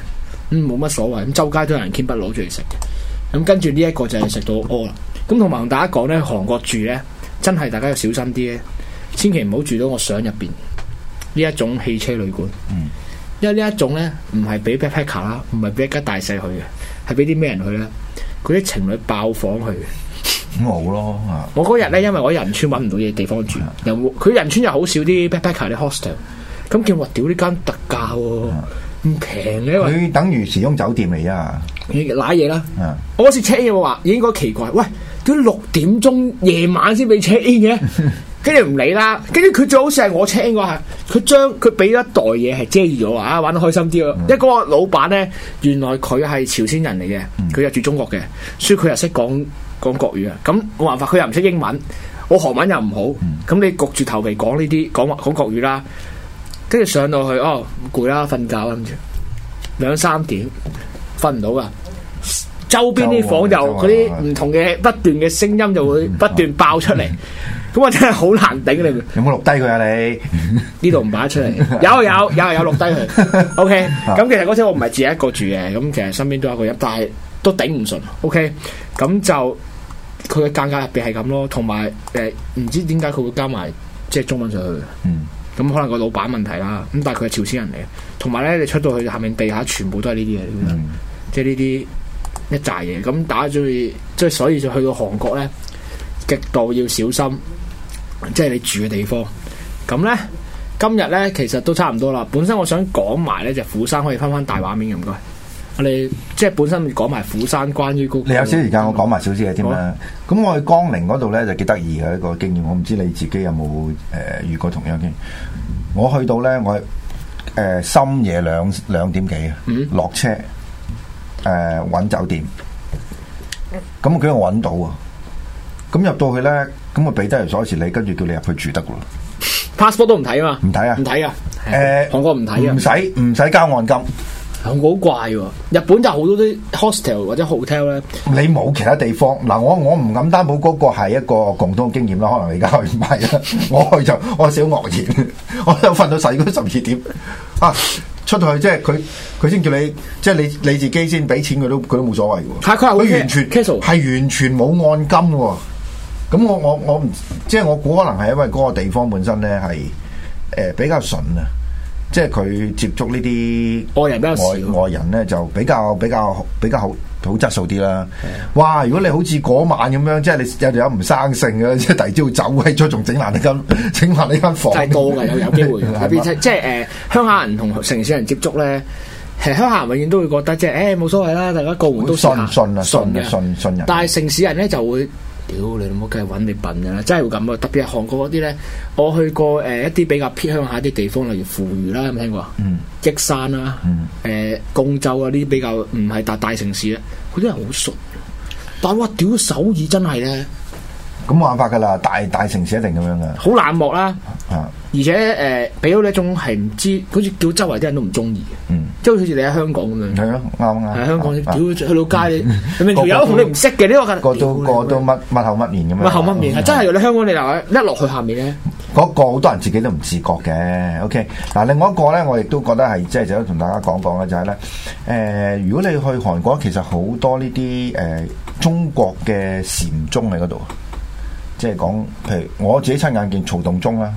嗯，冇乜所謂。咁周街都有人牽筆攞住嚟食。咁跟住呢一個就係食到屙啦。咁同埋大家講咧，韓國住咧，真係大家要小心啲咧，千祈唔好住到我相入邊呢一種汽車旅館。嗯。因為呢一種咧，唔係俾 backpacker 啦，唔係俾一家大細去嘅，係俾啲咩人去咧？嗰啲情侶爆房去。冇咯，嗯、我嗰日咧，因為我仁川揾唔到嘢地方住，是的 又佢仁川又好少啲 backpacker 啲 hostel，、嗯、咁叫我屌呢間特價喎、啊，咁平咧，佢為等於時鐘酒店嚟啊、嗯，你瀨嘢啦，我先 check 嘢話應該奇怪，喂，點解六點鐘夜晚先畀 check 嘅？ 跟住唔理啦，跟住佢最好似係我聽嗰下，佢將佢俾一袋嘢係遮住咗啊！玩得開心啲咯。因為嗰、嗯、個老闆咧，原來佢係朝鮮人嚟嘅，佢又、嗯、住中國嘅，所以佢又識講講國語啊。咁冇辦法，佢又唔識英文，我韓文又唔好，咁、嗯、你焗住頭皮講呢啲講話講國語啦。跟住上到去哦，攰啦，瞓覺啦，諗住兩三點瞓唔到噶，周邊啲房就嗰啲唔同嘅不斷嘅聲音就會不斷爆出嚟。嗯嗯嗯嗯我真係好難頂你，啊、你，有冇錄低佢啊？你呢度唔擺得出嚟，有有有有錄低佢。O K，咁其實嗰時我唔係自己一個住嘅，咁其實身邊都有一個人，但係都頂唔順。O K，咁就佢嘅間隔入邊係咁咯，同埋誒，唔、呃、知點解佢會加埋即係中文上去。咁、嗯、可能個老闆問題啦，咁但係佢係朝鮮人嚟，同埋咧你出到去下面地下全部都係呢啲嘢，嗯、即係呢啲一扎嘢。咁打最即係所以就去到韓國咧，極度要小心。即係你住嘅地方。咁咧今日咧其實都差唔多啦。本身我想講埋咧，就釜山可以翻翻大畫面嘅唔該。我哋即係本身講埋釜山關於嗰，你有少時間我講埋少少嘅添啦。咁吧我去江陵嗰度咧就幾得意嘅一個經驗，我唔知你自己有冇誒、呃、遇過同樣嘅經驗？我去到咧我誒深夜兩兩點幾落、嗯、車，誒、呃、搵酒店，咁我又搵到啊！咁入到去咧。咁佢俾得嚟鎖匙你，跟住叫你入去住得噶 passport 都唔睇啊嘛，唔睇啊，唔睇啊。誒，韓國唔睇啊，唔使唔使交按金。韓國好怪喎，日本就好多啲 hostel 或者 hotel 咧。你冇其他地方嗱。我我唔敢擔保嗰個係一個共通經驗啦。可能你而家去唔係啦，我去就我少愕然。我都瞓到十二點十二點啊，出到去即係佢佢先叫你，即係你你自己先俾錢，佢都佢都冇所謂喎。佢完全 casual，係完全冇按金喎。咁我我我唔，即係我估可能係因為嗰個地方本身咧，係，誒，比較純啊，即係佢接觸呢啲外人咧，外外人咧就比較比較比較好好質素啲啦。哇！如果你好似嗰晚咁樣，即係你有條友唔生性嘅，即係第二朝走嘅，咗，仲整爛你間整爛呢間房，係有機會即係誒，鄉下人同城市人接觸咧，係鄉下人永遠都會覺得即係誒冇所謂啦，大家過門都信信啊信信信人。但係城市人咧就會，屌，你都冇計揾你笨㗎喇！真係會咁啊，特別係韓國嗰啲咧，我去過誒一啲比較偏鄉下啲地方，例如扶餘啦，有冇聽過啊？嗯，益山啦，嗯，誒公州啊，呢啲比較唔係大大城市咧，啲人好熟，但係我屌首爾真係咧～咁冇辦法噶啦，大大城市一定咁樣嘅。好冷漠啦，啊！而且誒，俾到呢一種係唔知，好似叫周圍啲人都唔中意，嗯，即係好似你喺香港咁樣。係啊，啱啱喺香港，叫去到街，你仲同你唔識嘅呢個。個都個都乜乜口乜面咁樣。乜口乜面，真係？你香港你嗱一落去下面咧，嗰個好多人自己都唔自覺嘅。OK，嗱，另外一個咧，我亦都覺得係即係就同大家講講咧，就係咧，誒，如果你去韓國，其實好多呢啲誒中國嘅禪宗喺嗰度。即係講，譬如我自己親眼見曹洞宗啦，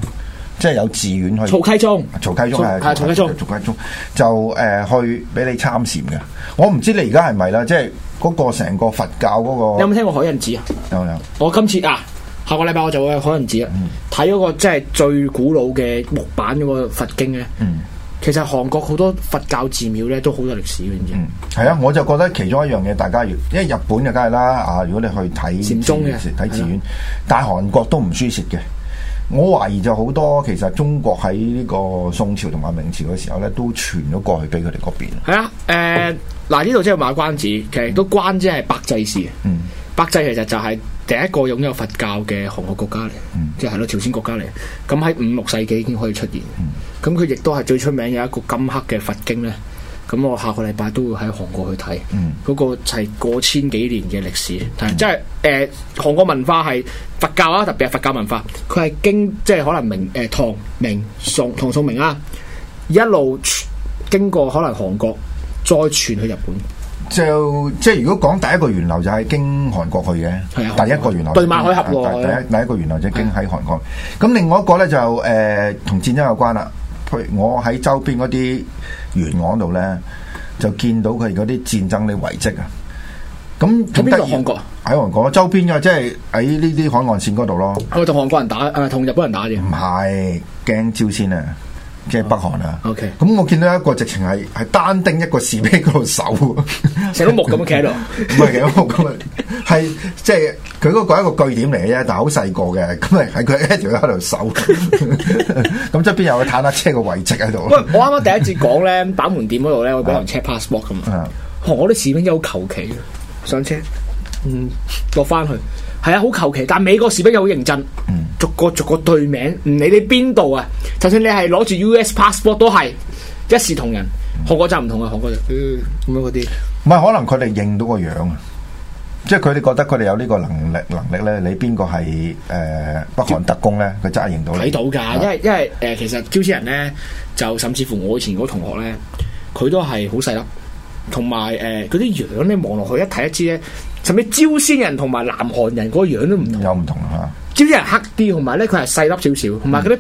即係有寺院去曹溪宗。曹溪宗係曹溪宗，曹溪宗就誒去俾你參禪嘅。我唔知你而家係咪啦，即係嗰個成個佛教嗰個。有冇聽過海印寺啊？有有。我今次啊，下個禮拜我就去海印寺啊，睇嗰個即係最古老嘅木板嗰個佛經咧。其實韓國好多佛教寺廟咧都好多歷史嘅，你嗯，係啊，我就覺得其中一樣嘢，大家要，因為日本就梗係啦啊，如果你去睇禪宗嘅，睇寺院，啊、但係韓國都唔輸蝕嘅。我懷疑就好多，其實中國喺呢個宋朝同埋明朝嘅時候咧，都傳咗過去俾佢哋嗰邊。係啊，誒、呃，嗱呢度即係馬關子，其實都關即係百濟事，嗯，百濟其實就係、是。第一個擁有佛教嘅韓國國家嚟，嗯、即係咯朝鮮國家嚟。咁喺五六世紀已經可以出現。咁佢亦都係最出名有一個金黑嘅佛經呢。咁我下個禮拜都會喺韓國去睇。嗰、嗯、個係過千幾年嘅歷史，嗯、即係誒韓國文化係佛教啊，特別係佛教文化，佢係經即係可能明誒、呃、唐明宋唐宋明啊，一路經過可能韓國再傳去日本。就即係如果講第一個源流就係經韓國去嘅，啊、第一個源流對馬海峽第一、啊、第一個源流就經喺韓國。咁、啊、另外一個咧就誒同、呃、戰爭有關啦。佢我喺周邊嗰啲沿岸度咧就見到佢嗰啲戰爭嘅遺跡啊。咁喺邊度？韓國喺韓國周邊㗎，即係喺呢啲海岸線嗰度咯。我同韓國人打，誒同日本人打嘅。唔係驚朝鮮啊！即係北韓啊！OK 咁我見到一個直情係係單丁一個士兵嗰度守，成個木咁樣企喺度，唔係成堆木咁樣，係 即係佢嗰個一個據點嚟嘅啫，但係好細個嘅，咁咪喺佢一條喺度守，咁即邊又有坦克車個位置喺度。我啱啱第一次講咧， 板門店嗰度咧，我俾人 check passport 咁我啲士兵又求其，上車嗯落翻去。係啊，好求其，但美國士兵又好認真，嗯、逐個逐個對名，唔理你邊度啊，就算你係攞住 U.S. passport 都係一視同仁，韓國就唔同啊，韓國嗯咁樣嗰啲，唔係可能佢哋認到個樣啊，即係佢哋覺得佢哋有呢個能力能力咧，你邊個係誒北韓特工咧，佢真係認到睇到噶、啊，因為因為誒其實朝鮮人咧，就甚至乎我以前嗰同學咧，佢都係好細粒，同埋誒啲樣咧，望落去一睇一知咧。甚至朝鮮人同埋南韓人個樣都唔同，有唔同啊！朝鮮人黑啲，同埋咧佢係細粒少少，同埋佢啲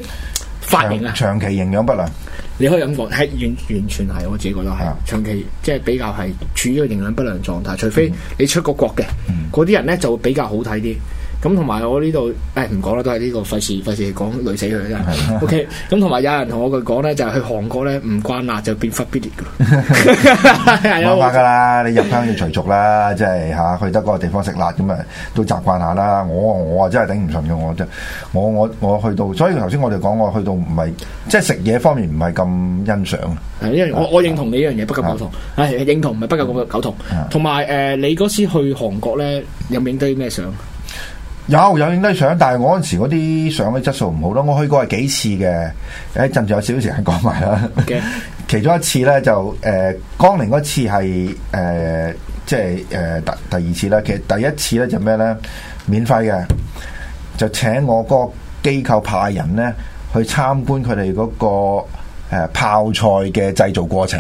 髮型啊，長期營養不良，你可以咁講，係完完全係，我自己覺得係的長期即係、就是、比較係處於個營養不良狀態，除非你出個國嘅，嗰啲、嗯、人咧就會比較好睇啲。咁同埋我呢度，誒唔講啦，都係呢個費事費事講累死佢真係。O K，咁同埋有人同我佢講咧，就係去韓國咧唔慣辣就變忽必烈。冇法噶啦，你入鄉要隨俗啦，即係吓去得嗰個地方食辣咁啊，都習慣下啦。我我啊真係頂唔順嘅，我真我我我去到，所以頭先我哋講我去到唔係即係食嘢方面唔係咁欣賞。係因為我我認同你呢樣嘢不苟同，唉認同唔係不苟同。苟同同埋誒，你嗰次去韓國咧有影低啲咩相？有有影啲相，但係我嗰陣時嗰啲相嘅質素唔好咯。我去過係幾次嘅，誒陣時有少少時間講埋啦。Okay. 其中一次咧就誒江、呃、寧嗰次係誒、呃、即係誒第第二次啦。其實第一次咧就咩、是、咧免費嘅，就請我個機構派人咧去參觀佢哋嗰個。誒、啊，泡菜嘅製造過程，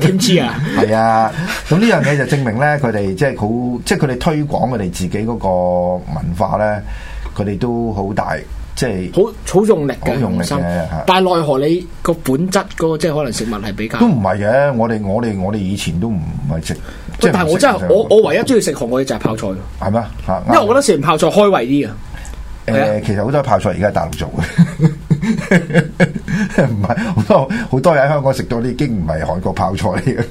點 知 啊？係啊，咁呢樣嘢就證明咧，佢哋即係好，即係佢哋推廣佢哋自己嗰個文化咧，佢哋都好大，即係好好用力好用力，心但係奈何，你個本質嗰、那個，即、就、係、是、可能食物係比較都唔係嘅。我哋我哋我哋以前都唔係食，就是、但係我真係我我唯一中意食韓國嘅就係泡菜，係咩嗎？因為我覺得食完泡菜開胃啲啊。誒嗎， 其實好多泡菜而家喺大陸做嘅。 唔係好多，好多嘢喺香港食到啲，已經唔係韓國泡菜嚟嘅。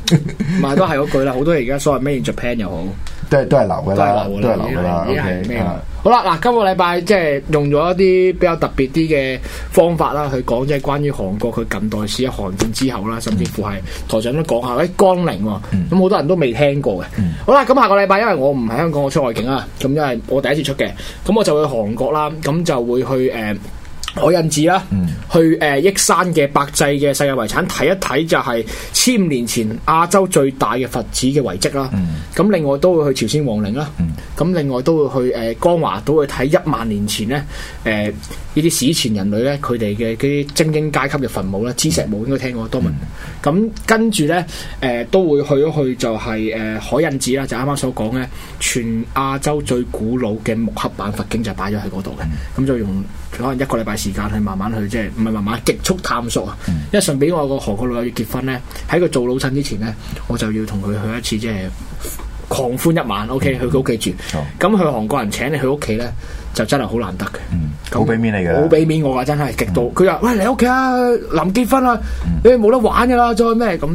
唔係都係嗰句啦，好多而家所謂咩 made in Japan 又好，都係都係流噶流都係流噶啦。是 o okay , K、啊、好啦，嗱，今個禮拜即係用咗一啲比較特別啲嘅方法啦，去講即係關於韓國佢近代史，韓戰之後啦，甚至乎係台長都講下啲江陵咁、啊、好、嗯、多人都未聽過嘅。嗯、好啦，咁下個禮拜因為我唔喺香港，我出外景啊，咁因為我第一次出嘅，咁我就去韓國啦，咁就會去誒。海印寺啦，去誒益山嘅百濟嘅世界遺產睇一睇，就係千年前亞洲最大嘅佛寺嘅遺跡啦。咁、嗯、另外都會去朝鮮王陵啦，咁、嗯、另外都會去誒江華島，都會睇一萬年前咧誒呢啲史前人類咧佢哋嘅嗰啲精英階級嘅墳墓啦，支、嗯、石墓應該聽過，多文。咁、嗯、跟住咧誒都會去一去就係、是、誒、呃、海印寺啦，就啱、是、啱所講嘅全亞洲最古老嘅木刻版佛經就係擺咗喺嗰度嘅，咁就用。佢可能一個禮拜時間去慢慢去，即係唔係慢慢極速探索啊！嗯、因為順便我個韓國女友要結婚咧，喺佢做老襯之前咧，我就要同佢去一次，即係狂歡一晚。O K，去佢屋企住，咁佢、嗯、韓國人請你去屋企咧，就真係好難得嘅。嗯、那好俾面你嘅。好俾面我到、嗯、啊！真係極度。佢話喂你屋企啊，臨結婚啦，你冇得玩㗎啦，再咩咁？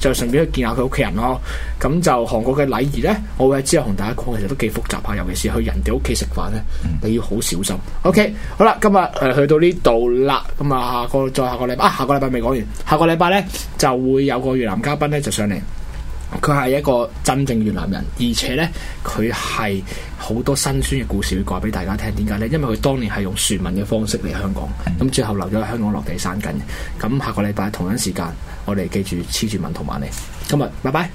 就順便去見下佢屋企人咯。咁就韓國嘅禮儀咧，我會喺之後同大家講，其實都幾複雜嚇、啊，尤其是去人哋屋企食飯咧，嗯、你要好小心。OK，好啦，今日誒、呃、去到呢度啦。咁啊，下個再下個禮拜啊，下個禮拜未講完，下個禮拜咧就會有個越南嘉賓咧就上嚟。佢係一個真正越南人，而且呢，佢係好多辛酸嘅故事要講俾大家聽。點解呢？因為佢當年係用船民嘅方式嚟香港，咁最後留咗喺香港落地生根。咁下個禮拜同一時間，我哋記住黐住文圖萬里。今日拜拜。